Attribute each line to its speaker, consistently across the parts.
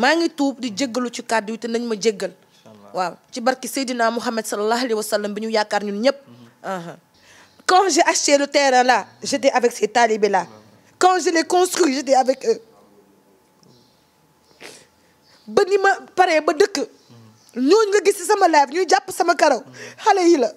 Speaker 1: maa ngi tuub di jéggalu ci kàddu yi te nañ ma jéggal waaw ci barki Seydina Mouhamed sallallahu alayhi wa sallam bi ñu yaakaar ñun ñëpp uh-huh. quand j'ai acheté le terrain là j'étais avec ces talibés là quand je l'ai construit j'étais avec ba ni ma paree ba dëkk mm-hmm. ñooñu nga gis ci sama live ñuy jàpp sama karaw mm-hmm. xale yi la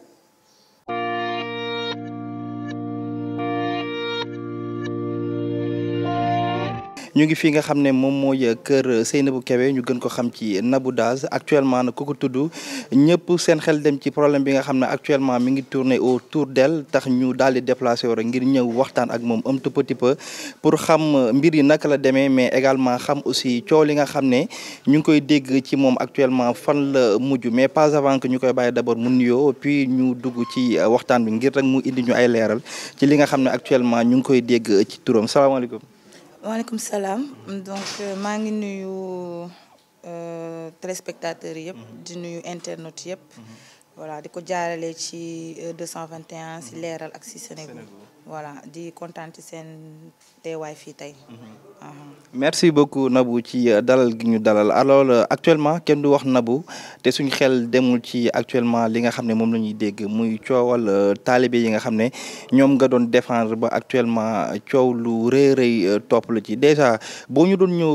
Speaker 2: ñu ngi fi nga xam ne moom mooy kër na bu kewe ñu gën ko xam ci Nabou Dash actuellement nag ku ko tudd ñëpp seen xel dem ci problème bi nga xam ne actuellement mi ngi tourner autour d'elle tax ñu daal di déplacé wala ngir ñëw waxtaan ak moom un tout petit pour xam mbir yi naka la demee mais également xam aussi coow li nga xam ne ñu ngi koy dégg ci moom actuellement fan la mujj mais pas avant que ñu koy bàyyi d'abord mu nuyoo puis ñu dugg ci waxtaan bi ngir rek mu indi ñu ay leeral ci li nga xam ne actuellement ñu ngi koy dégg ci turam salaamaaleykum.
Speaker 1: waaleykum salaam donc euh, maa ngi nuyu euh, téléspectateurs yëpp. Mhm. di nuyu internet yëpp. Mhm. voilà di ko jaarale ci 221 euh, si mhm. leeral ak si Sénégal voilà di kontaan ci seen teewaay fii tey. Mhm.
Speaker 2: merci beaucoup Nabou ci euh, dalal gi ñu dalal alors euh, actuellement kenn du wax nabu te suñu xel demul ci actuellement li nga xam ne moom la ñuy dégg muy coowal taalibe yi nga xam ne ñoom nga doon défendre ba actuellement coow lu rëy topp la ci déjà boo ñu doon ñëw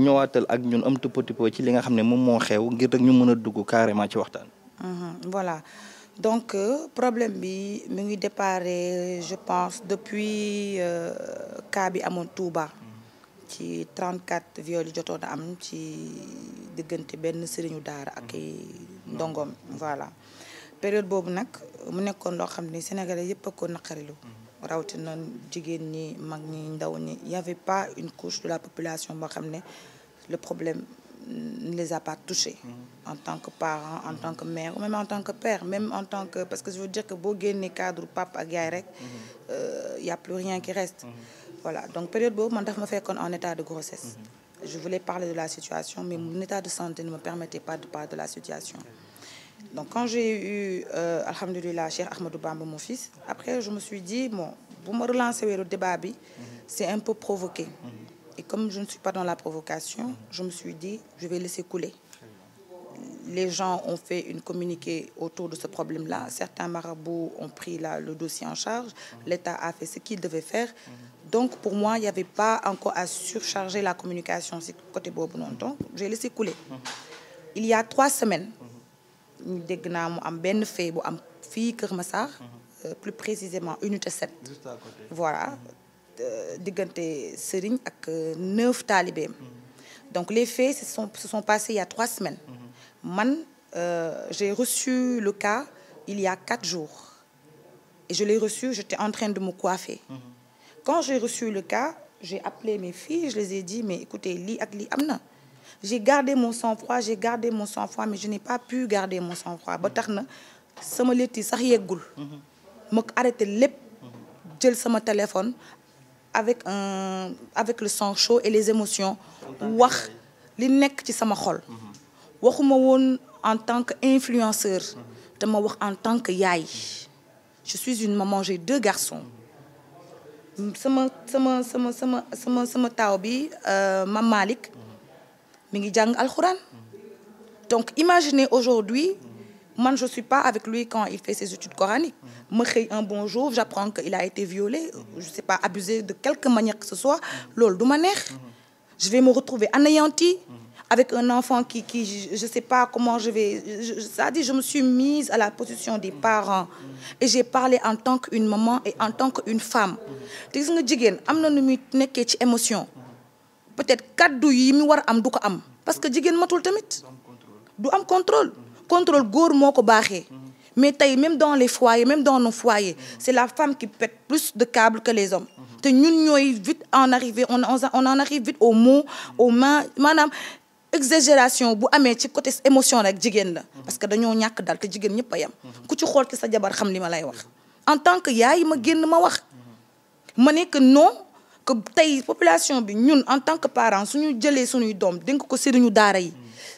Speaker 2: ñëwaatal ak ñun am tupp tupp ci li nga xam ne moom moo xew ngir rek ñu mën a dugg carrément ci waxtaan.
Speaker 1: Mhm, voilà donc euh, problème bi mu ngi déparé je pense depuis euh, cas bi amoon Touba. ci 34 viol yi jotoon a am ci diggante benn sëriñu daara ak mhm. ndongoom mhm. voilà période boobu nag mu nekkoon loo xam ne sénégalais yëpp a ko naqarilu rawatina jigéen ñi mag ñi ndaw ñi y pas une couche de la population boo xam ne le problème ne les a pas touchés. Mm-hmm. en tant que parent en tant que mm-hmm. mère ou même en tant que père même en tant que parce que je veux dire que boo génnee cadre papa ak yaay rek. Mm-hmm. Euh, y a plus rien qui reste. voilà donc période boobu man daf ma fekkoon en état de grossesse. je voulais parler de la situation mais mon état de santé ne me permettait pas de parler de la situation. donc quand j'ai eu euh, alhamdulilah Ahmadou Bamba mon fils après je me suis dit bon bu ma relancer wéeru débat bi. c'est un peu provoqué. comme je ne suis pas dans la provocation, je me suis dit, je vais laisser couler. Les gens ont fait une communiqué autour de ce problème-là. Certains marabouts ont pris la, le dossier en charge. L'État a fait ce qu'il devait faire. Donc, pour moi, il n'y avait pas encore à surcharger la communication. C'est côté boobu noonu. Donc, j'ai laissé couler. Il y a trois semaines, ñu dégg naa mu am benn fait bu am fii Kër Massar. Euh, plus précisément, unité 7. Juste à Voilà. Euh, diggante sëriñ ak euh, neuf taalibeem donc les faits se sont se sont passés il y a trois semaines man euh, j'ai reçu le cas il y a quatre jours et je l'ai reçu j'étais en train de me coiffer quand j'ai reçu le cas j'ai appelé mes filles je les ai dit mais écoutez lii ak lii am na j'ai gardé mon sang-froid j'ai gardé mon sang-froid mais je n'ai pas pu garder mon sang-froid ba tax na sama létt yi sax yeggul mhm. ma arrêté sama téléphone avec un avec le sang chaud et les émotions wax li nekk ci sama xol waxuma woon en tant que influenceur dama wax en tant que yaay je suis une maman j'ai deux garçons sama sama sama sama sama sama taaw bi euh, Mam Malick mi ngi jàng alxuraan donc imaginez aujourd'hui man je suis pas avec lui quand il fait ses études coraniques ma mm-hmm. xëy un bon jour j'apprends que a été violé je sais pas abusé de quelque manière que ce soit mm-hmm. loolu du ma neex mm-hmm. je vais me retrouver anéantie avec un enfant qui qui je sais pas comment je vais je me suis mise à la position des parents et j'ai parlé en tant qu'une maman et en tant qu'une femme te gis nga jigéen am na nu muy nekkee ci émotion peut-être kaddu yi mi war a am du ko am parce que jigéen matul tamit du contrôle góor moo ko baaxee mhm. mais tey même dans les foyers même dans nos foyers mhm. c'est la femme qui pète plus de câbles que les hommes mhm. te ñun ñooy vite en arriver on on en arrive vite aux mots aux mains maanaam exagération bu amee ci côté émotion rek jigéen la parce que dañoo ñàkk daal jigéen ñëpp a yem ku ci xool ci sa jabar xam li ma lay wax en tant que yaay ma génn ma wax ma ne que tey population bi ñun en tant que parents suñu jëlee suñuy doom dénk ko sëriñu daara yi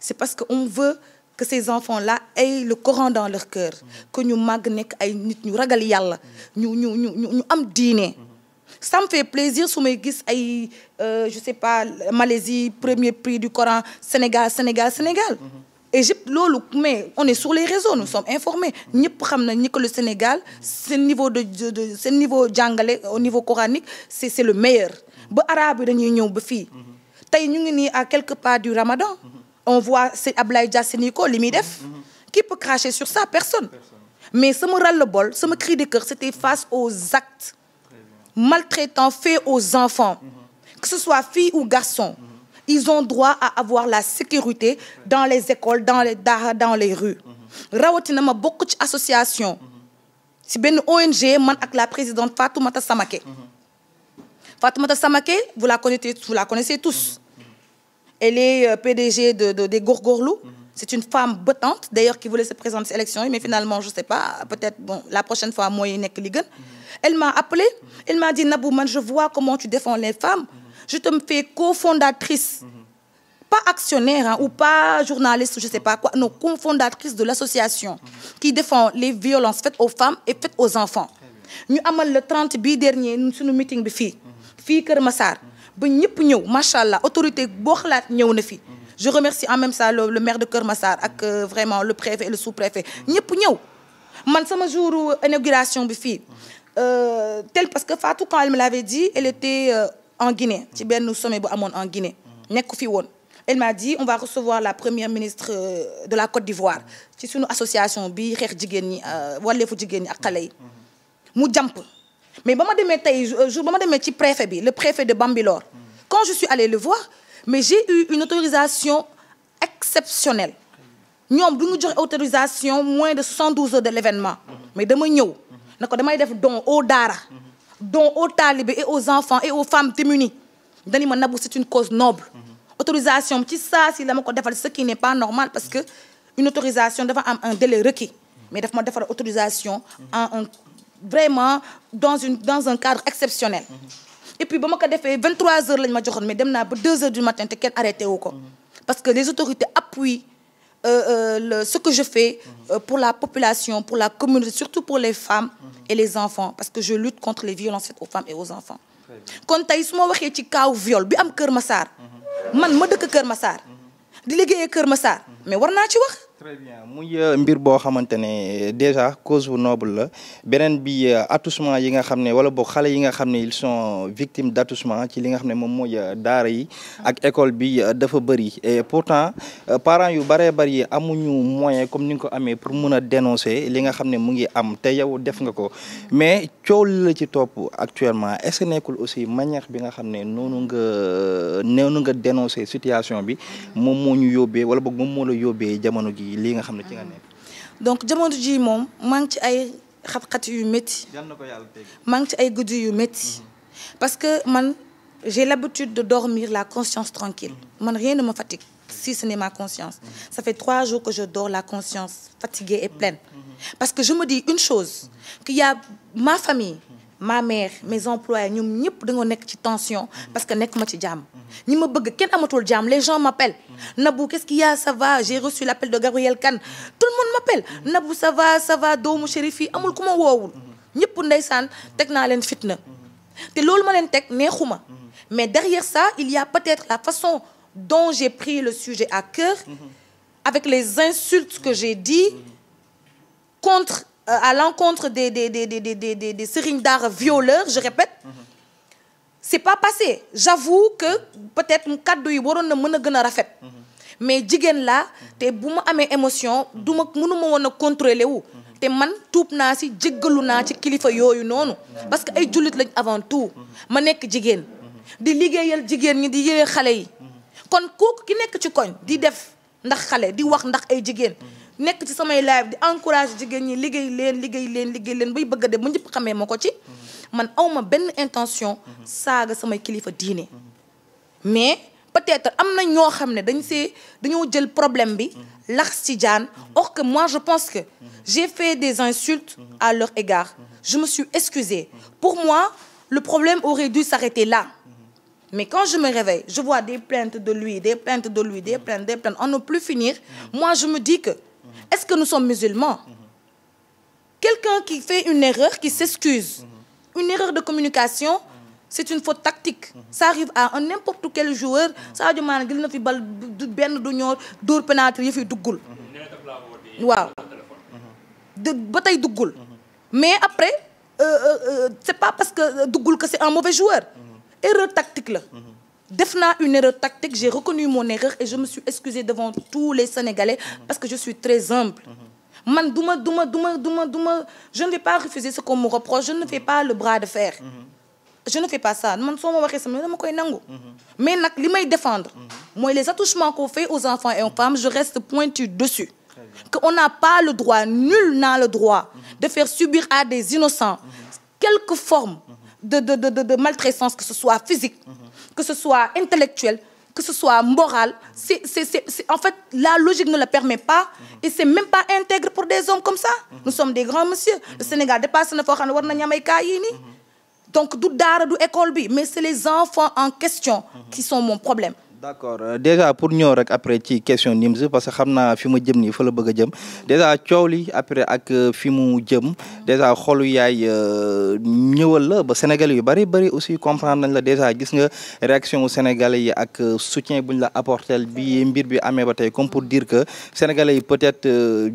Speaker 1: c'est parce que on veut que ces enfants là aient le Coran dans leur cœur que ñu màgg nekk ay nit ñu ragal yàlla ñu ñu ñu ñu am diine ça fait plaisir su may gis ay euh, je sais pas Malaisie premier prix du Coran Sénégal Sénégal Sénégal Égypte loolu mais on est sur les réseaux nous sommes informés ñëpp xam na ñi que le Sénégal seen niveau de de seen niveau jàngale au niveau coranique c'est c'est le meilleur ba arabe yi dañuy ñëw ba fii tey ñu ngi nii à quelque part du Ramadan on voit si Ablaye Dia Sénico li muy def mm-hmm. qui peut cracher sur ça personne mais sama ras-le-bol sama cri de cœur c'était face aux actes maltraitants faits aux enfants mm-hmm. que ce soit filles ou garçons mm-hmm. ils ont droit à avoir la sécurité dans les écoles dans les daara dans les rues rawatina ma bokk ci association si benn ONG man ak la présidente Fatoumata Samaké Fatoumata Samaké vous la connaissez vous la connaissez tous elle est euh, PDG de de des Góorgóorlu. Mhm. c'est une femme battante d'ailleurs qui voulait se présenter ces élections yi mais finalement je sais pas peut-être bon la prochaine fois mooy nekk li gën. elle m'a appelé mhm. elle m'a dit Nabou je vois comment tu défends les femmes mhm. je te me fais cofondatrice pas actionnaire hein, ou pas journaliste je sais pas quoi non cofondatrice de l'association qui défend les violences faites aux femmes et faites aux enfants ñu amal le 30 bii dernier suñu meeting bi fii fii Kër Massar ba ñëpp ñëw macha allah autorité boo xalaat ñëw na fi. je remercie en même temps le maire de Kër Massar ak euh, vraiment le préfet et le sous-préfet ñëpp ñëw man sama jour inauguration bi fii euh, tel parce que Fatou quand elle me l'avait dit elle était euh, en Guinée ci benn sommet bu amoon en Guinée nekk fi woon. elle m'a dit on va recevoir la première ministre de la Côte d'Ivoire ci suñu association bi xeex jigéen ñi wàlleefu jigéen ñi ak xale yi mu jàmp mais ba ma demee tey euh, jour ba ma demee ci préfet bi le préfet de Bambilor quand je suis allée le voir mais j'ai eu une autorisation exceptionnelle ñoom du ñu joxe autorisation moins de 72 heures de l'événement mais dama ñëw na ko damay def don au daara don aux talibés et aux enfants et aux femmes démunies dañu ma nabu c'est une cause noble autorisation ci saa si la ma ko defal ce qui n'est pas normal parce que une autorisation dafa am un délai requis mais daf ma defal autorisation en un vraiment dans une dans un cadre exceptionnel. Mhm. et puis ba ma ko defee 23h lañ ma joxoon mais dem naa ba 2h du matin te kenn arrêté wu ko. Mhm. parce que les autorités appuient euh, euh ce que je fais. Mhm. Euh, pour la population pour la communauté surtout pour les femmes. et les enfants parce que je lutte contre les violences faites aux femmes et aux enfants. kon tey su ma waxee ci kaaw viol bi am Kër Massar. man ma dëkk Kër Massar. di liggéeyee Kër Massar mais war naa ci wax. très
Speaker 2: bien euh, mbir boo xamante ne euh, déjà cause bu noble la beneen bi euh, attouchement yi nga xam ne wala boog xale yi nga xam ne ils son victimes d' attouchement ci li nga xam ne moom mooy daara yi ak école bi dafa bëri et pourtant parents yu bëree bëri amuñu moyen comme ni nga ko amee pour mun a dénoncer li nga xam ne mu ngi am te yow def nga ko mais cool la ci topp actuellement est nekkul aussi manière bi nga xam ne noonu nga noonu nga dénoncer situation bi moom moo yóbbee wala boog moom moo la yóbbee jamono gi ci lii nga xam ne ci nga nekk.
Speaker 1: donc jamono ji moom maa ngi ci ay xat-xat yu métti. yal na ko yàlla teg maa ci ay guddi yu métti. Mm-hmm. parce que man j'ai l'habitude de dormir la conscience tranquille mm-hmm. man rien ne me fatigue si ce n'est ma conscience mm-hmm. ça fait trois jours que je dors la conscience fatiguée et pleine parce que je me dis une chose qu'il y a ma famille ma mère mes employés ñoom ñëpp dañoo nekk ci tension parce que nekk ma ci jàmm ñi ma bëgg kenn amatul jàmm les gens na bu qu'est-ce qu'il y a ça va j'ai reçu l'appel de Gabriel Kane tout le monde m'appelle Nabou ça va ça va doomu chérif yi amul ku ma woowul ñëpp ndeysaan teg naa leen fitna te loolu ma leen teg neexuma mais derrière ça il y a peut-être la façon dont j'ai pris le sujet à cœur avec les insultes que j'ai dit contre Euh, à l'encontre des des des des des des des serigne daara violeurs je répète. c'est pas passé j'avoue que peut-être kàddu yi waroon na mën a gën a rafet. mais jigéen laa te bu ma amee émotion du ma mënuma woon a contrôler wu. te man tuub naa si jéggalu naa ci kilifa yooyu noonu. parce que ay jullit lañ avant tout. ma nekk jigéen. di liggéeyal jigéen ñi di yële xale yi. kon kooku ki nekk ci koñ di def ndax xale di wax ndax ay jigéen. nekk ci samay live di encourage jigéen ñi liggéey leen liggéey leen liggéey leen bay bëgg a dem ba xamee ma ko ci mhm. man awma benn intention mhm. saaga samay kilifa diine mhm. mais peut-être am na ñoo xam ne dañ se dañoo jël problème bi lax ci jaan or que moi je pense que j'ai fait des insultes à leur égard je me suis excusée pour moi le problème aurait dû s'arrêter là mais quand je me réveille je vois des plaintes de lui des plaintes de lui des plaintes des plaintes on est-ce que nous sommes musulmans quelqu'un qui fait une erreur qui s'excuse une erreur de communication c'est une faute tactique ça arrive à n'importe quel joueur Sadio Mané gis na fi bal du benn du ñoor dóor pénalty yëf yi duggul waaw de ba tey duggul mais après euh, euh, euh, c'est pas parce que duggul que c'est un mauvais joueur erreur tactique la def naa une erreur tactique j'ai reconnu mon erreur et je me suis excusée devant tous les Sénégalais parce que je suis très humble man duma duma duma duma duma je ne vais pas refuser ce qu'on me reproche je ne fais pas le bras de fer je ne fais pas ça man soo ma waxee sama koy nangu mais nag li may défendre mooy les attouchements qu'on fait aux enfants et aux femmes je reste pointue dessus que on n'a pas le droit nul n'a le droit de faire subir à des innocents quelque forme de de de de que ce soit physique que ce soit intellectuelle que ce soit moral c'est c'est c'est en fait la logique ne le permet pas et c'est même pas intègre pour des hommes comme ça nous sommes des grands messieurs le Sénégal dépassé na foo xam ne war nañu am ay cas yii donc du daara du école bi mais c'est les enfants en question qui sont mon problème d' accord
Speaker 2: euh, déjà pour ñëw rek après ci question NIMS parce que xam naa fi ma jëm nii fa la bëgg a jëm déjà coow li après ak euh, fi mu jëm déjà xolu yaay euh, ñëwal la ba Sénégal yu bëri bëri aussi comprendre nañ la déjà gis nga réaction wu yi ak soutien bu ñu la apporté bi mbir bi amee ba tey comme pour dire que Sénégalais yi peut-être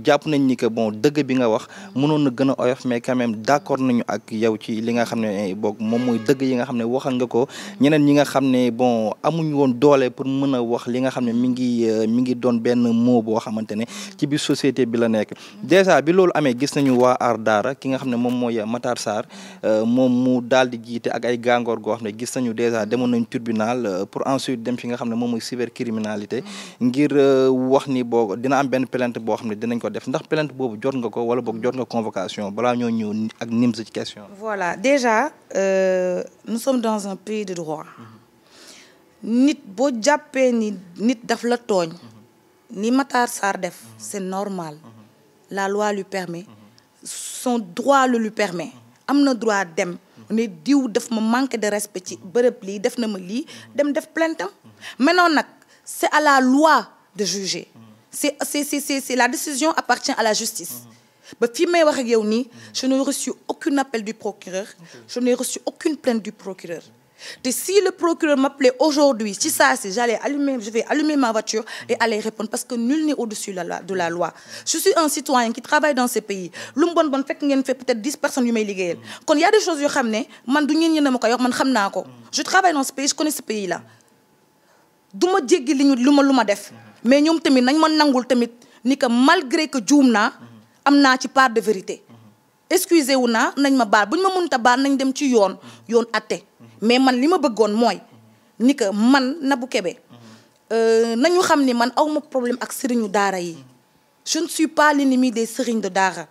Speaker 2: jàpp nañ ni que bon dëgg bi nga wax mënoon na gën a oyof mais quand même nañu ak yow ci li nga xam ne eh, boog moom mooy dëgg yi nga xam ne pour mën a wax li nga xam ne mi ngi euh, mi ngi doon benn mot boo xamante ne ci biir société bi la nekk dèjà bi loolu amee gis nañu waa Aar Daara ki nga xam ne moom mooy Matar saar euh, moom mu daal di jiite ak ay gàngoor goo xam ne gis nañu dèjà demoon nañ tribunal euh, pour ensuite dem fi nga xam ne moom mooy cybercriminalité ngir wax ni boo dina am benn plainte boo xam ne dinañ ko def ndax plainte boobu jot nga ko wala boog jot nga convocation bala ñoo ñëw ak NIMS ci question.
Speaker 1: voilà déjà nit boo jàppee ni nit daf la tooñ ni Matar Sarr def c'est normal la loi lui permet son droit le lu permet am na droit dem ne diw daf ma manque de respect ci bërëb lii def na ma lii dem def plainte am maintenant nag c'est à la loi de juger c'est la décision appartient à la justice ba fii may wax ak yow nii je n'ai reçu aucun appel du procureur je n'ai reçu aucune plainte du procureur te si le procureur m'appelait aujourd'hui si ça si j'allais allumer je vais allumer ma voiture et mm. aller répondre parce que nul n'est au-dessus de la loi je suis un citoyen qui travaille dans ce pays lu mu fekk ngeen fait peut-être dix personnes yu may liggéeyal mm. kon y a des choses yoo xam ne man du ñeen ñe ma ko yox man xam naa ko mm. je travaille dans ce pays je connais pays là du ma jéggi li ñu lu ma lu ma def mais ñoom tamit nañ man nangul tamit ni que malgré que juum naa am naa ci part de vérité excusé wu naa nañ ma baal bu ñu ma mënta baal nañ dem ci yoon yoon atte mais man li ma bëggoon mooy ni que man Nabou Kébé euh, nañu xam ni man awma problème ak sëriñu daara yi je ne suis pas l'ennemi des sëriñ de daara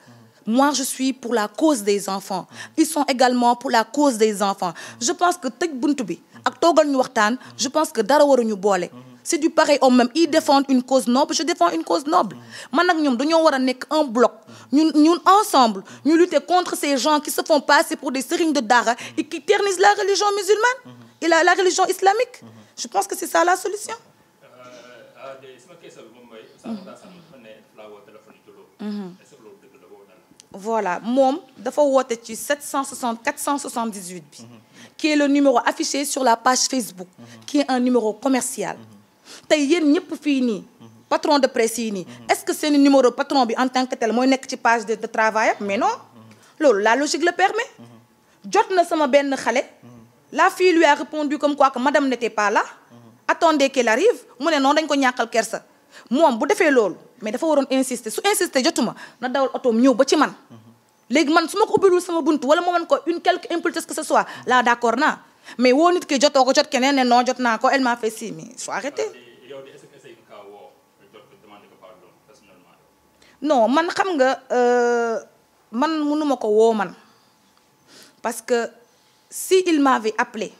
Speaker 1: moi je suis pour la cause des enfants ils sont également pour la cause des enfants je pense que tëj bunt bi ak toogal ñu waxtaan je pense que dara waruñu boole c'est du pareil au même ils défendent une cause noble je défends une cause noble man nag ñoom dañoo war a nekk un bloc ñun ñun ensemble ñu lutter contre ces gens qui se font passer pour des sëriñ de daara et qui ternissent la religion musulmane mm-hmm. et la, la religion islamique mm-hmm. je pense que c'est ça la solution moom dafa woote ci 760 478 bi mm-hmm. qui est le numéro affiché sur la page Facebook qui est un numéro commercial tey yéen ñëpp fii nii patron de presse yi nii est-ce que seen numéro patron bi en tant que tel mooy nekk ci page de travail am mais non loolu la logique le permet jot na sama benn xale la fille lui a répondu comme quoi que madame n'était pas là attendez qu'elle arrive mu ne noonu dañ ko ñàkkal kersa moom bu defee loolu mais dafa waroon insister su insister jotuma na dawal otoom ñëw ba ci man léegi man su ma ko ubbilul sama bunt wala moo man ko une quelque impulsion que ce soit mais woo nit ki jotoo ko jot keneen ne jot naa ko elle m'a fait si mais faut arrêter. non man xam nga euh, man munuma ko woo man parce que si il m'avait appelé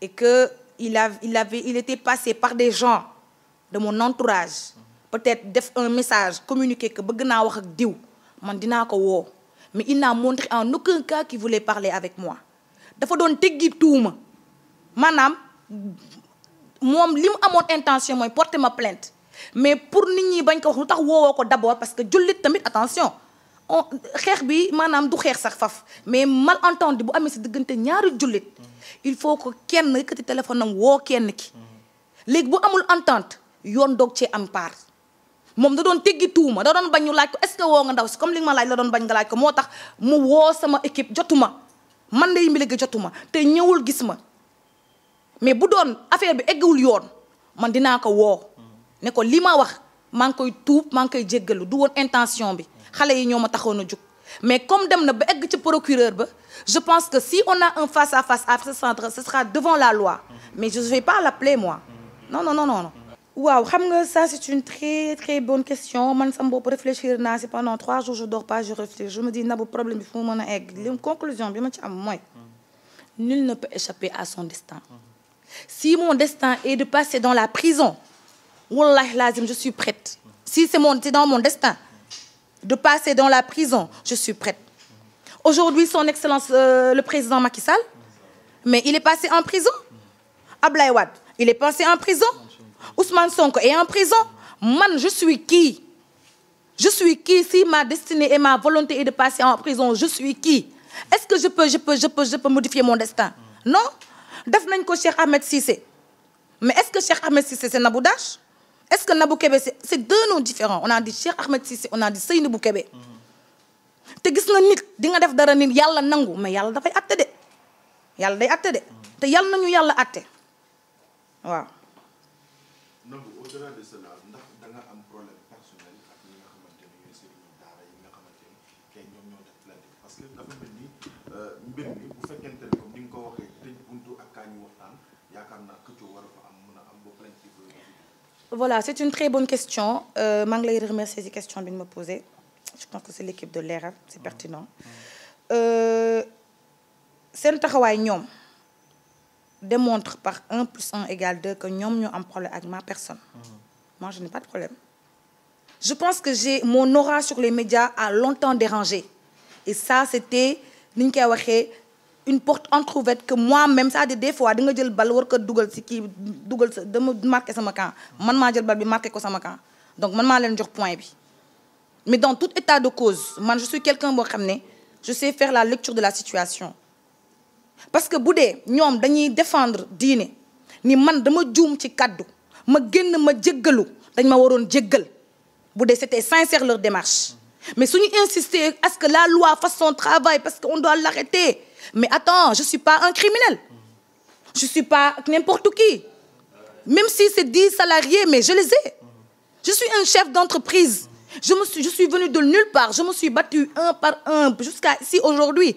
Speaker 1: et que il a il avait il était passé par des gens de mon entourage peut-être def un message communiqué que bëgg naa wax ak diw man dinaa ko woo mais il naa montré en aucun cas qu'il voulait parler avec moi dafa doon teggi tuuma maanaam moom li mu amoon intention mooy porte ma plainte mais pour nit ñi bañ ko wax lu tax woowoo ko d'abord parce que jullit tamit attention on xeex bi maanaam du xeex sax faf mais malentendu bu amee si diggante ñaari jullit il faut ko kenn yëkkati téléphone am woo kenn ki léegi bu amul entente yoon doog cee am part moom da doon teggi tuuma da doon bañ ñu laaj ko est-ce que woo nga ndaw si comme li ma laaj la doon bañ nga laaj ko moo tax mu woo sama équipe jotuma man Ndeye Mbilé Guèye jotuma te ñëwul gis ma mais bu doon affaire bi eggewul yoon man dinaa ko woo ne ko li ma wax maa ngi koy tuub man koy jéggalu du woon intention bi xale yi ñoo ma taxoon a jug mais comme dem na ba egg ci procureur ba je pense que si on a un face à face à ce centre ce sera devant la loi mais je ne vais pas l'appeler moi non non non non. waaw xam nga ça c' est une très très bonne question man sama bopp réfléchir naa si pendant trois jours je dors pas je réfléchis je me dis nabu problème bi fu mu mën a egg mm. li conclusion bi ma ci am mooy mm. nul ne peut échapper à son destin mm. si mon destin est de passer dans la prison wallahi lazim je suis prête si c'est mon c'est dans mon destin de passer dans la prison je suis prête aujourd'hui son excellence euh, le président Macky Sall mais il est passé en prison Ablaye Wade il est passé en prison Ousmane Sonko est en prison man je suis qui je suis qui si ma destinée et ma volonté est de passer en prison je suis qui est-ce que je peux je peux je peux je peux modifier mon destin non def nañ ko Cheikh Ahmed Cissé mais est-ce que Cheikh Ahmed Cissé c'est Nabou Dash est-ce que Nabou Kébé c'est c'est deux noms différents on a dit Cheikh Ahmed Cissé on a dit Seynabou Kébé te gis na nit di nga def dara nit yàlla nangu mais yàlla dafay atte de yàlla day atte de te yàlla nañu yàlla atte
Speaker 3: au-delà de cela ndax da nga am problème personnel ak ñi nga xamante ni ñooy sëriñu daara yi nga xamante ni tey ñoom ñoo def plainte parce que dafa mel ni euh, mbir mi bu fekkente ne comme ni nga ko waxee tëj buntu ak kaa ñu waxtaan yaakaar naa këccoo war a fa am mun a am ba plainte bi
Speaker 1: voilà c'est une très bonne question euh, maa ngi lay remercier ci question bi ñu ma posé je pense que c'est l'équipe de Leral c'est ah. pertinent euh, seen taxawaay ñoom. démontre par 1 plus 1 égale que ñoom ñoo am problème avec ma personne. Mmh. moi je n'ai pas de problème. je pense que j'ai mon aura sur les médias a longtemps dérangé et ça c'était ni ñu koy waxee une porte entrouverte que moi-même c'est-à-dire des fois da nga jël bal war ko dugal ci kii dugal sa dama marqué sama camp man maa jël bal bi marqué ko sama camp donc man maa leen jox point bi mais dans tout état de cause man je suis quelqu'un boo xam ne la lecture de la situation parce que bu dee ñoom dañuy défendre diine ni man dama juum ci kàddu ma génn ma jéggalu dañ ma waroon jéggal bu dee c'était sincère leur démarche mais suñu insister à ce que la loi fasse son travail parce que on doit l'arrêter mais attends je suis pas un criminel je suis pas n'importe qui même si c'est dix salariés mais je les ai je suis un chef d'entreprise je me suis je suis venu de nulle part je me suis battu un par un jusqu'à ici aujourd'hui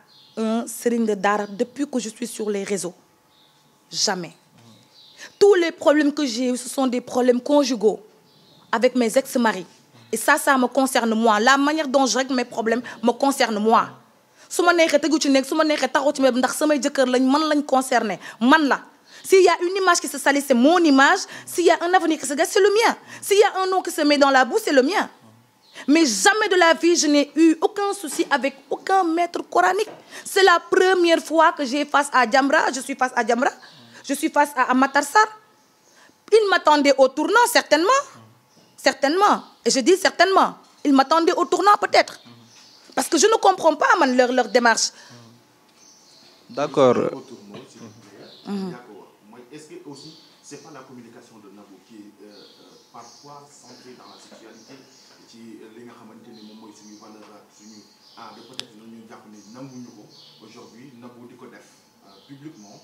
Speaker 1: un serigne de daara depuis que je suis sur les réseaux jamais tous les problèmes que j'ai eu ce sont des problèmes conjugaux avec mes ex-maris et ça ça me concerne moi la manière dont je règle mes problèmes me concerne moi su ma neexee tegu ci nekk su ma neexee taxaw ci mbéb ndax samay jëkkër lañ man lañ concerné man la s'il y a une image qui se salit c'est mon image s'il y a un avenir qui se gâche c'est le mien s'il y a un nom qui se met dans la boue c'est le mien Mais jamais de la vie, je n'ai eu aucun souci avec aucun maître coranique. C'est la première fois que j'ai face à Djamra, je suis face à Djamra, je suis face à Amatarsar. Il m'attendait au tournant, certainement. Et je dis certainement. Il m'attendait au tournant, peut-être. Parce que je ne comprends pas man, leur, leur démarche.
Speaker 2: Mhm.
Speaker 3: que aussi, ce n'est pas la communication de Nabo qui est euh, euh, ci li nga xamante ni moom mooy suñu valeur ak suñu aada peut-être jàpp ni nanguñu ko aujourd'hui nabu di ko def euh, publiquement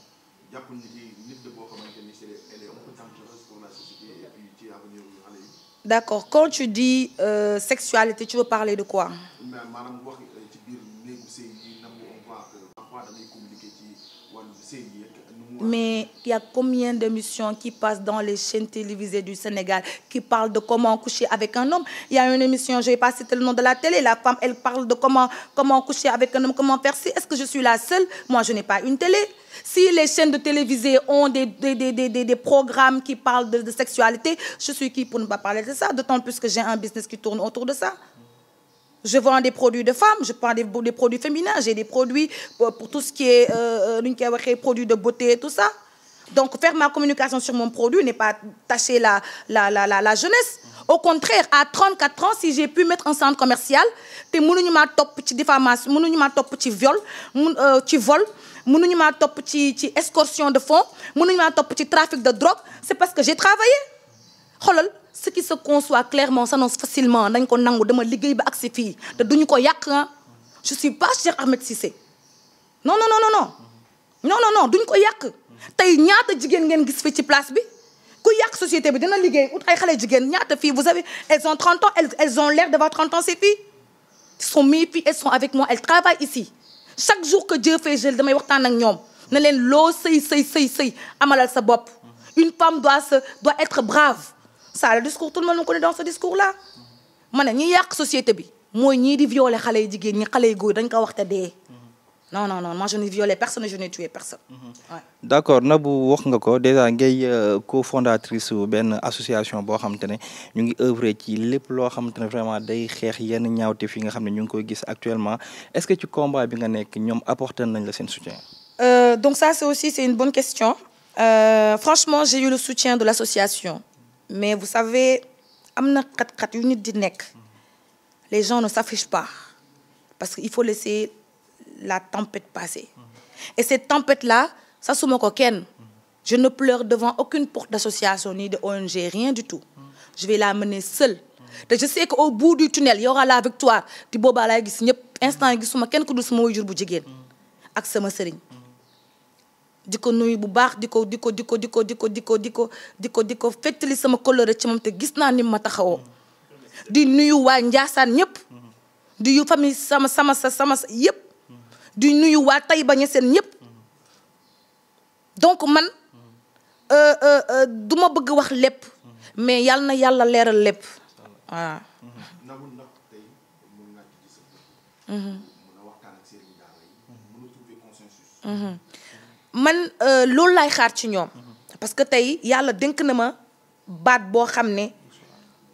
Speaker 3: jàpp ni ki nit de boo xamante ni c'est elle est un peu dangereuse pour la société et puis ci avenir yu
Speaker 1: xale yi tu dis euh, sexualité tu veux parler de quoi
Speaker 3: maanaam wax euh, ci biir néegu sëy yi nangu on voit que damay communiquer ci wàllu sëy yi mais
Speaker 1: il y a combien d'émissions qui passent dans les chaînes télévisées du Sénégal qui parlent de comment coucher avec un homme il y a une émission je vais pas citer le nom de la télé la femme elle parle de comment coucher avec un homme comment faire est-ce que je suis la seule je n'ai pas une télé si les chaînes de télévisées ont des programmes qui parlent de sexualité je suis qui pour ne pas parler de ça d'autant plus que j'ai un business qui je vends des produits de femmes je vends des, des produits féminins j'ai des produits pour, tout ce qui est euh, euh, lu ñu koy waxee produits de beauté tout ça donc faire ma communication sur mon produit n'est pas tâcher la la la la la jeunesse au contraire à 34 ans si j'ai pu mettre un centre commercial te mënuñu maa topp ci diffamation mënuñu maa topp ci viol mun euh, ci vol mënuñu maa topp ci ci escortion de fonds mënuñu maa topp ci trafic de drogue c'est parce que j'ai travaillé ce qui se conçoit clairement s'annonce facilement dañ ko nangu dama liggéey ba agsi fii te duñu ko yàq ah je suis pas Cheikh Ahmed Cissé non non no non non non non duñ ko yàq tey ñaata jigéen ngeen gis fi ci place bi ku yàq société bi dana liggéey ut ay xale jigéen ñaata fii vous savez elles ont 30 ans elles elles ont l'air d'avoir 30 ans ces filles sont mes filles elles sont avec moi elles travaillent ici chaque jour que Dieu fait jeûne damay waxtaan ak ñoom na leen loo sëy sëy sëy sëy amalal sa bopp une femme doit se ça le discours tout le monde connaît dans ce discours là ma ne ñi yàq société bi mooy ñii di violer xale yu jigéen ñi xale yu dañ ko wax te dee. non non non moi je n'ai violé personne je n'ai tué personne. Ouais.
Speaker 2: d' accord wax nga ko déjà ngay euh, cofondatrice benn association boo xam te ne ñu ngi œuvrer ci lépp loo xam te ne vraiment day xeex yenn ñaawte fi nga xam ne ñu ngi koy gis actuellement est ce que ci combat bi nga nekk ñoom apporter nañ la seen soutien.
Speaker 1: Euh, donc ça c' est aussi c' est une bonne euh, de l' association mais vous savez am na xat-xat yu nit di nekk les gens ne s'affichent pas parce que il faut laisser la tempête passer et cette tempête là sa suma ko kenn je ne pleure devant aucune porte d'association ni de ONG rien du tout je vais la mener seule te je sais que au bout du tunnel y aura la victoire di boobaa laay gis ñëpp instant yi gisuma kenn ku dul sama waajur bu jigéen ak sama sëriñ di ko nuyu bu baax di ko di ko di ko di ko di ko di ko di ko di sama coloré ci moom te gis naa ni ma taxawoo di nuyu waa Njaasaan ñëpp di yu famille sama sama sa sama sa di nuyu waa Taïba Niassène ñëpp donc man euh, euh, euh, duma bëgg wax lépp mais yàlla na yàlla leeral lépp mm-hmm. Mm-hmm. Mm-hmm. man euh, loolu laay xaar ci ñoom parce que tey yàlla dénk na ma baat boo xam ne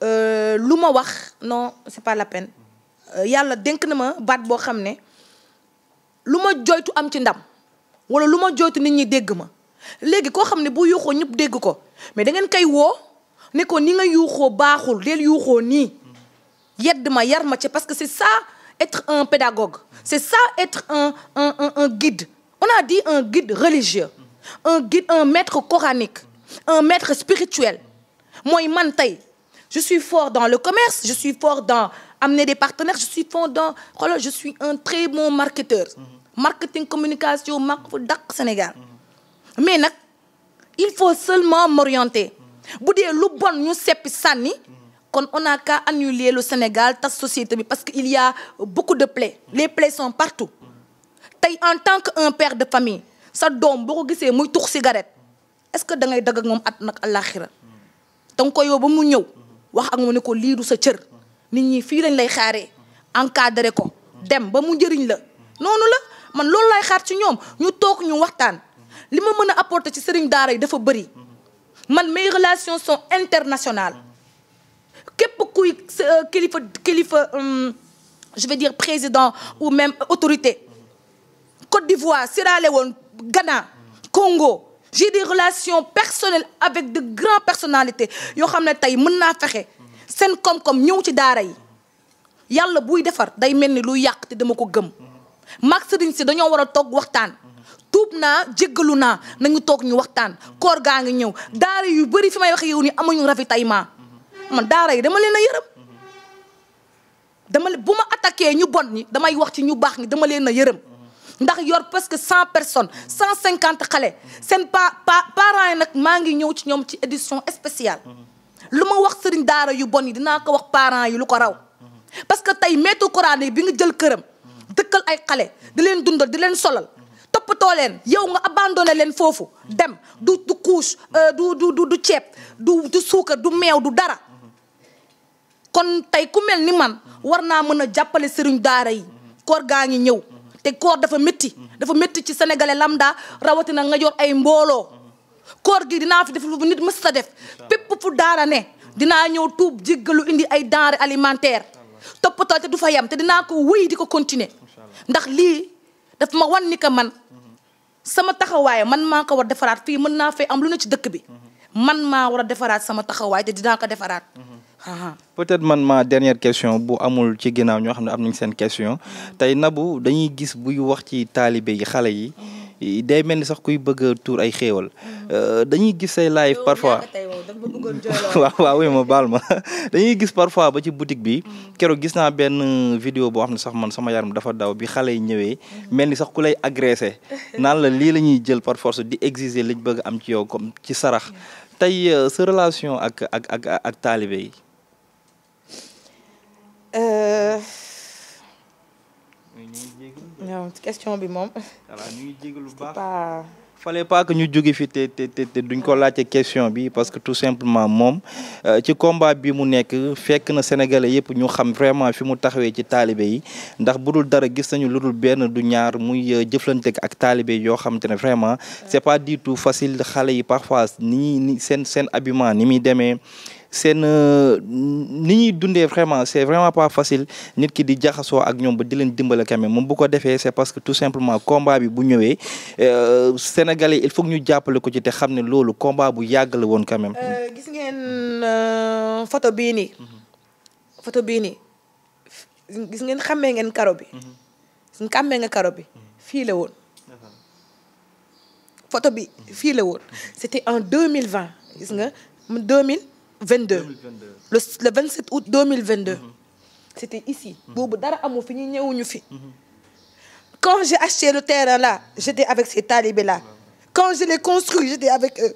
Speaker 1: euh, lu ma wax non c'est euh, yàlla dénk na ma baat boo xam ne lu ma joytu am ci ndam wala lu ma joytu nit ñi dégg ma léegi koo xam ne bu yuuxoo ñëpp dégg ko mais dangeen ngeen koy woo ne ko ni nga yuuxoo baaxul del yuuxoo nii yedd ma yar ma ci parce que c'est ça être un pédagogue c'est ça être un un un un guide on a dit un guide religieux un guide un maître coranique un maître spirituel mooy man tey je suis fort dans le commerce je suis fort dans amener des partenaires je suis fort un très bon marketeur mm-hmm. marketing communication maa ko fa dàq mais nag il faut seulement m'orienter mm-hmm. bu dee lu bon ñu seppi sànni mm-hmm. kon on a qu'à annuler le Sénégal tas société bi parce que il y a beaucoup de plaies les plaies sont partout tey en tant que un père de famille sa doom boo ko gisee muy tux cigarette est-ce que da ngay dagg moom at nag àllaaxira da nga koy yow ba mu ñëw wax ak moom ne ko lii du sa cër nit ñi fii lañ lay xaaree encadré ko dem ba mu njëriñ la noonu la man loolu lay xaar ci ñoom ñu toog ñu waxtaan li ma mën a apporter ci sëriñ daara dafa bëri man mes relations sont internationales képp kuy euh, kilifa kilifa je veux dire président ou même autorité Côte d'Ivoire Sierra Leone Ghana Congo j'ai des relations personnelles avec de grandes personnalités yoo xam ne tey mën naa fexe seen koom-koom ñëw ci daara yi yàlla buy defar day mel ni luy yàq te dama ko gëm mag sëriñ si dañoo war a toog waxtaan tuub naa jéggalu naa nañu toog ñu waxtaan koor gaa ngi ñëw daara yu bëri fi may waxe yow ni amuñu ravitaillement ma daara yi dama leen a yërëm dama bu ma attaqué ñu bon ñi damay wax ci ñu baax ñi dama leen a yërëm ndax yor presque cent personnes cent cinquante xale seen pa pa parents yi nag maa ngi ñëw ci ñoom ci édition espéciale mm-hmm. lu ma wax sëriñ daara yu bon yi dinaa ko wax parents yi lu ko raw mm-hmm. parce que tey ko coranique bi nga jël këram mm-hmm. dëkkal ay xale di leen dundal di leen solal toppatoo leen yow nga abandonné leen foofu dem du du couche euh, du du ceeb du suukar du meew du dara kon tey ku mel ni man war naa mën a jàppale sëriñ daara yi koor gaa ngi ñëw te koor dafa métti dafa métti ci sénégalais lambda rawatina nga yor ay mbooloo koor gi dinaa fi def lu nit mës sa def pépp fu daara ne dinaa ñëw tuub jéggalu indi ay daare alimentaires toppatoo te du fa yem te dinaa ko wéy di ko continuer ndax lii daf ma wan ni que man sama taxawaay man maa ko war defaraat fii mën naa fay am lu ne ci dëkk bi man maa war a defaraat sama taxawaay te dinaa ko defaraat
Speaker 2: peut-être man ma dernière question bu amul ci ginnaaw ñoo xam ne am nañ seen question tey Nabou dañuy gis buy wax ci taalibe yi xale yi day mel ni sax kuy bëgg tour ay xéewal euh, dañuy gis say live parfois waaw ma dañuy gis parfois ba ci boutique bi keroog gis naa benn video boo xam ne sax man sama yaram dafa daw bi xale yi ñëwee mel ni sax ku lay agressé naan la lii la ñuy jël par force di exiger liñ bëgg am ci yow comme ci sarax tey euh, sa relation ak ak ak ak taalibe yi
Speaker 1: Euh, question bi moom. voilà ñu ngi jégalu
Speaker 2: bu ñu jóge fi te te duñ ko laajte question bi parce que tout simplement moom euh, ci combat bi mu nekk fekk na sénégalais yëpp ñu xam vraiment fi mu taxawee ci taalibe yi ndax bu dul dara gis nañu lu dul benn du ñaar muy euh, jëflante ak taalibe yoo xam te ne vraiment c'est pas du tout facile xale yi parfois ni ñuy seen seen habillement ni muy demee. seen euh, ni ñuy dundee vraiment c'est vraiment pas facile nit ki di jaxasoo ak ñoom ba di leen dimbale quand même moom bu ko defee c'est parce que tout simplement combat bi bu ñëwee euh, Sénégalais il faut ñu jàppale ko ci te xam ne loolu combat bu yàgg la woon quand même.
Speaker 1: Euh, gis ngeen photo bii nii. Mm-hmm. photo ngeen xàmmee ngeen karo bi. Mm-hmm. xàmmee nga karo bi fii mm-hmm. bi fii la woon c'était en gis nga deux mille 22. le le 27 août 2022. Mm-hmm. c'était ici. boobu dara amoo fi ñu ñëwuñu fi. Mm-hmm. quand j'ai acheté le terrain là j'étais avec ces talibés là. quand je l'ai construit j'étais avec eux.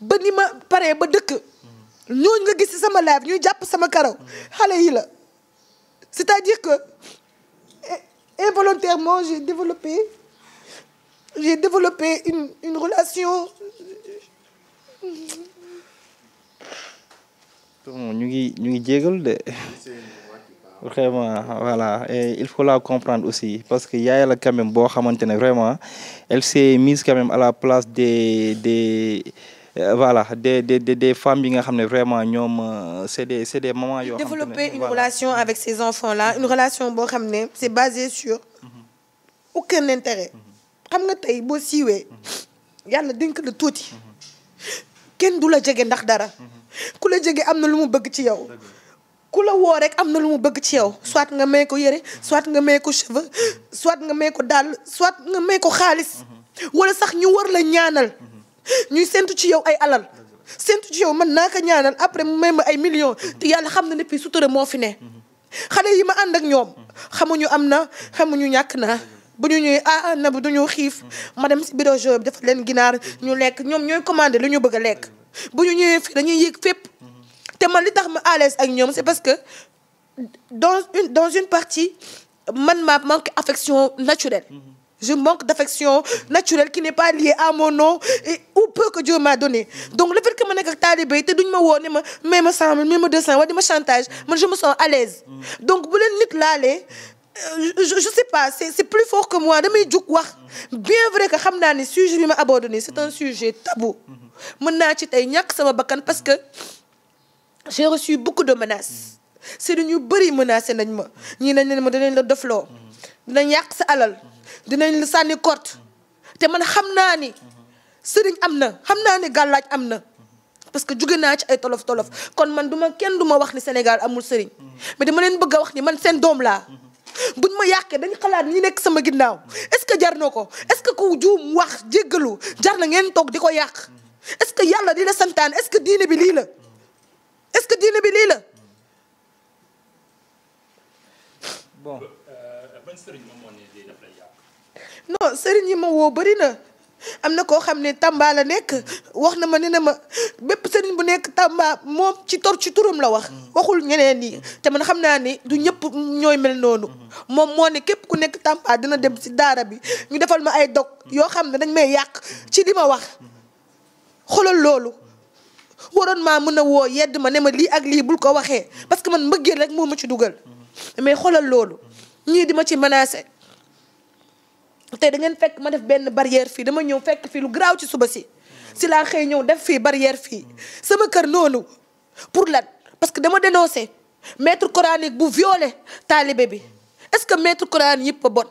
Speaker 1: ba ni ma paree ba dëkk. Mm-hmm. ñooñu nga gis ci sama live ñuy jàpp sama karaw xale yi la c'est-à-dire que eh, involontairement j'ai développé j'ai développé une relation
Speaker 2: ñu ngi ñu ngi jégal de vraiment voilà et il faut la comprendre aussi parce que yaay la quand boo xamante ne vraiment elle s'est mise quand même à la place de des de euh, des des des femmes yi nga xam ne vraiment ñoom euh, c'est de c'est des mamans yoo xam ne développer une
Speaker 1: relation avec ces enfants là une relation boo xam ne c'est basé sur mm-hmm. aucun intérêt mm-hmm. xam nga tey boo siiwee mm-hmm. yàlla dénk la tuuti kenn du la jege ndax dara ku la jege am na lu mu bëgg ci yow ku la woo rek am na lu mu bëgg ci yow soit nga may ko yére soit nga may ko cheveux soit nga may ko dàll soit nga may ko xaalis wala sax ñu war la ñaanal ñuy sentu ci yow ay alal sentu ci yow man naa ko ñaanal après mu may ma ay millions te yàlla xam na ne fii sutura moo fi ne xale yi ma ànd ak ñoom xamuñu am na xamuñu ñàkk naa bu ñu ñëwee ah, ah na bu du ñu xiif mm-hmm. ma dem si bureau jour def leen ginaar ñu lekk ñoom ñooy commandé lu ñu bëgg lekk bu ñu ñëwee fii dañuy yëg fépp mm-hmm. te man li tax ma à l'aise ak ñoom c'est parce que dans une dans une partie man maa manque affection naturel mm-hmm. je manque d'affection naturelle qui n'est pas liée à mon nom et ou peu que Dieu m'a donné donc le fait que ma nekk ak taalibe yi te duñ ma woo ne ma may ma cent mille may ma deux cent di ma chantage ma je ma sens à l'aise donc bu leen nit laalee Euh, je je sais pas c'est c'est plus fort que moi damay jug wax bien vrai que xam naa ni sujet bi ma abordé nii c'est un sujet tabou mën naa ci tey ñàkk sama bakkan parce que j'ai reçu beaucoup de menaces c'est ñu bëri menacé nañ ma ñii nañ leen ma dinañ la dofloo dinañ yàq sa alal dinañ la sànni kort te man xam naa ni sëriñ am na xam naa ni gàllaaj am na parce que jóge naa ci ay tolof tolof kon man du ma kenn du ma wax ni Sénégal amul sëriñ mais dama leen bëgg a wax ni man seen doom laa buñ ma yàqee dañ xalaat ñi nekk sama ginnaaw est-ce que jar na ko est-ce que ku juum wax jéggalu jar na ngeen toog di ko yàq est-ce que yàlla di la santaan est-ce que diine bi lii la est-ce que diine bi lii la.
Speaker 2: bon. Euh, ban
Speaker 1: sëriñ woo bari na. am na koo xam ne Tamba la nekk wax na ma ne na ma bépp sëriñ bu nekk Tamba moom ci tor ci turam la wax mm. waxul ñeneen yi te man xam naa ni du ñëpp ñooy mel noonu mm-hmm. moom moo ne képp ku nekk Tamba dina dem ci daara bi mm-hmm. ñu defal ma ay dog mm-hmm. yoo xam ne dañ may yàq ci li ma wax xoolal loolu waroon maa mën a woo yedd ma ne ma lii ak lii bul ko waxee parce que man mbëggeel rek moo ma ci dugal mais xolal loolu ñii di ma ci menacé tey da ngeen fekk ma def benn barrière fii dama ñëw fekk fii lu garaaw ci suba si si laa xëy ñëw def fii barrière fii sama kër noonu pour lan parce que dama dénoncé maître coranique bu violé taalibe bi est-ce que maître coranique yëpp a bon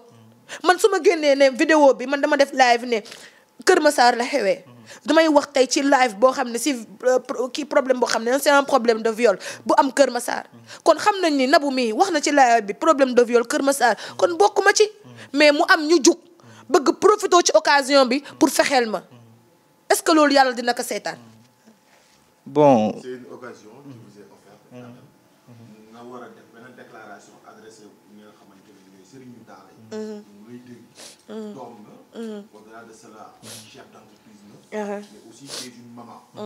Speaker 1: man su ma génnee ne vidéo bi man dama def live ne Kër Massar la xewee damay wax tey ci live boo xam ne si euh, kii problème boo xam ne c'est un problème de viol bu am Kër Massar kon xam nañ ni nabu mii wax na ci live bi problème de viol Kër Massar kon bokkuma ci mais mu am ñu bëgg profité ci occasion bi pour fexeel ma est-ce que loolu yàlla dina ko seetaan. bon c'est une occasion qui vous a
Speaker 3: def xamante ne mm-hmm. mm-hmm. mm-hmm. de cela chef d'entreprise la. Uh-huh. mais aussi c'est une boo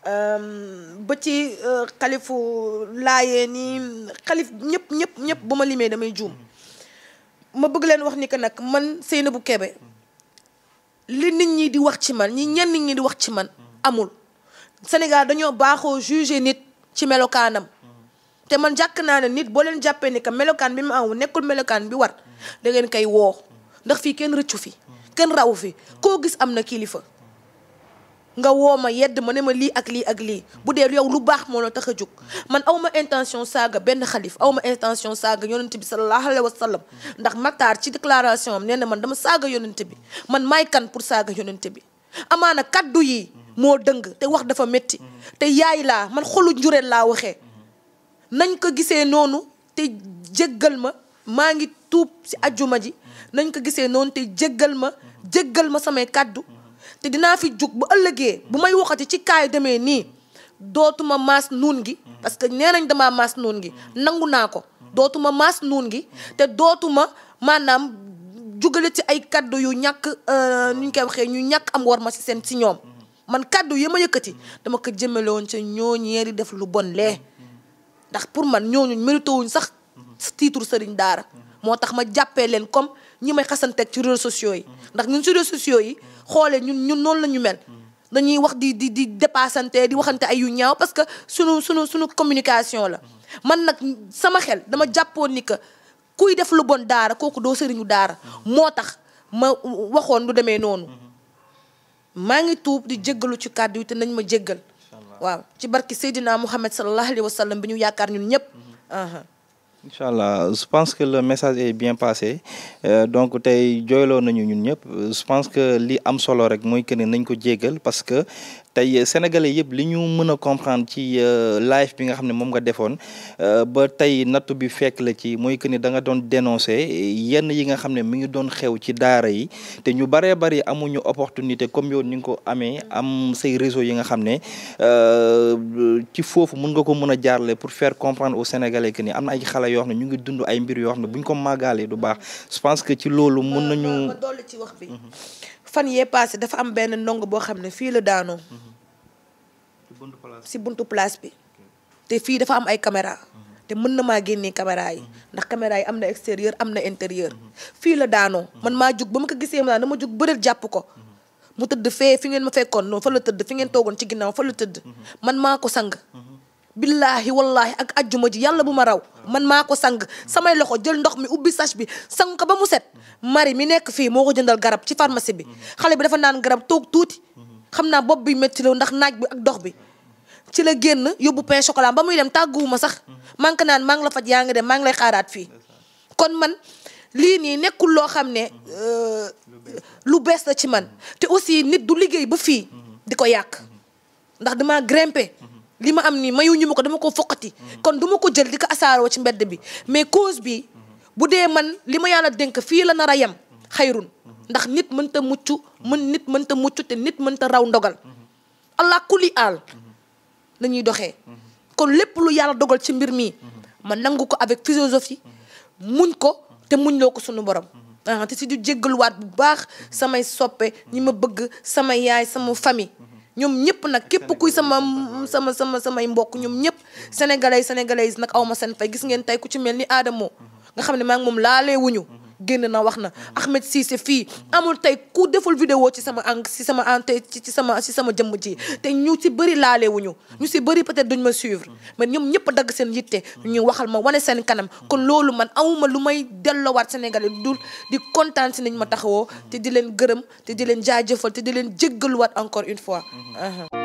Speaker 1: Ehm, ba ci eh, xalifu laayee nii xalif ñëpp ñëpp ñëpp bu ma limee damay juum ma bëgg leen wax ni que nag man bu kebe li nit ñi di wax ci man ñi ñenn ñi di wax ci man amul Sénégal dañoo baaxoo juger nit ci melokaanam te man jàkk naa ne nit boo leen jàppee ni que melokaan bi ma am nekkul melokaan bi war da ngeen koy woo ndax fii kenn rëccu fi kenn raw fi koo gis am na kilifa nga woo ma yedd ma ne ma lii ak lii ak lii bu dee yow lu baax moo la tax a jóg man awma intention saaga benn xalif awma intention saaga yonent bi sallallahu alayhi wa sallam ndax mataar ci déclaration am nee na man dama saaga yonent bi man may kan pour saaga yonent bi amaana kàddu yi moo dëng te wax dafa metti te yaay laa man xolu njureel laa waxee nañ ko gisee noonu te jëggal ma maa ngi tuub si ajjuma ji nañ ko gisee noonu te jëggal ma jëggal ma samay kaddu te dinaa fi jóg bu ëllëgee bu may waxati ci kaay demee nii dootuma maas nuun gi parce que nee nañ damaa maas nuun ngi nangu naa ko dootuma maas nuun gi te dootuma maanaam jógale ci ay kaddu yu ñàkk euh, nu ñu koy waxee ñu ñàkk am war ma si seen ci ñoom man kaddu yi ma yëkkati dama ko jëmale woon ca ñooñee di def lu bon lee ndax pour man ñooñu mérité wuñ sax titre sëriñ daara moo tax ma jàppee leen comme ñi may xasanteeg ci réseaux sociaux yi ndax ñun ci réseaux yi xoolee ñun ñun noonu la ñu mel. dañuy wax di di di dépassante di waxante ay yu ñaaw parce que sunu sunu sunu communication la. man nag sama xel dama jàppoon ni que kuy def lu bon daara kooku doo sëriñu daara. moo tax ma waxoon lu demee noonu. maa ngi tuub di jéggalu ci kàddu yi te nañ ma jéggal. waaw ci barki Seydina Muhammad sallallahu alayhi wa sallam bi ñu yaakaar ñun ñëpp. Mm-hmm.
Speaker 2: incha allah je pense que le message est bien passé euh, donc tey jooyloo nañu ñun ñëpp je pense que li am solo rek mooy que ne nañ ko jéggal parce que tey sénégalais yëpp li ñu mën a comprendre ci euh, live bi nga xam ne moom nga defoon euh, ba tey nattu bi fekk la ci mooy que ni da nga doon dénoncé yenn yi nga xam ne mi ngi doon xew ci daara yi te ñu bëree bëri amuñu opportunité comme yoon ni nga ko amee am say réseau yi nga xam ne euh, ci foofu mun nga ko mën a jaarale pour faire comprendre aux sénégalais que ni am na ay xale yoo xam ne ñu ngi dund ay mbir yoo xam ne bu ñu ko màggaalee du baax je pense que ci loolu mun nañu
Speaker 1: fan yee passé dafa am benn ndongo boo xam ne fii la daanoo. si mm-hmm. buntu place bi. te fii dafa am ay caméra mm-hmm. te mën na maa génnee caméra yi mm-hmm. ndax caméra yi am na extérieur am na intérieur fii la daanoo man maa jug ba ma ko gisee ma dama jug bëreet jàpp ko mu tëdd fee fi ngeen ma fekkoon noonu fa la tëdd fi ngeen toogoon ci ginnaaw fa la tëdd man maa ko sang billaahi wallaahi ak ajjuma ji yàlla bu ma raw man maa ko sang samay loxo jël ndox mi ubbi sach bi sang ko ba mu set mari mi nekk fii moo ko jëndal garab ci pharmacie bi xale bi dafa naan garab toog tuuti xam naa bopp bi métti la ndax naaj bi ak dox bi ci la génn yóbbu pain chocolat ba muy dem tàgguwuma sax man ko naan maa la faj yaa ngi dem maa ngi lay xaaraat fii kon man lii nii nekkul loo xam ne euh, lu bees la ci man te aussi nit du liggéey ba fii di ko yàq ndax dama grimpé li ma am nii ñu ma ko dama ko foqati. kon duma ko jël di ko asaaroo ci mbedd bi mais cause bi bu dee man li ma yàlla dénk fii la nar a yem xayrun ndax nit mënta mucc mën nit mënta mucc te nit mënta raw ndogal allah kulli àll nañuy doxee kon lépp lu yàlla dogal ci mbir mii ma nangu ko avec philosophie muñ ko te muñ loo ko suñu borom ah, te si du jéggaluwaat bu baax samay soppe ñi ma bëgg sama yaay sama famille ñoom ñëpp nag képp kuy sama sama sama samay mbokk ñoom ñëpp sénégalais sénégalais nag aw ma seen fay gis ngeen tey ku ci mel ni Adamo mhm. nga xam ne maa ngi moom laalee wuñu mhm. génn na wax na Ahmed Cissé fii amul tey ku deful vidéo ci sama en ci sama en ci sama ci sama jëmm ji te ñu si bëri laalewuñu ñu si bëri peut-être duñ ma suivre mais ñoom ñëpp dagg seen yitte ñu waxal ma wane seen kanam kon loolu man amuma lu may delloowaat Sénégal yi dul di kontaan si nañ ma taxawoo te di leen gërëm te di leen jaajëfal te di leen jéggaluwaat encore une fois mm-hmm. uh-huh.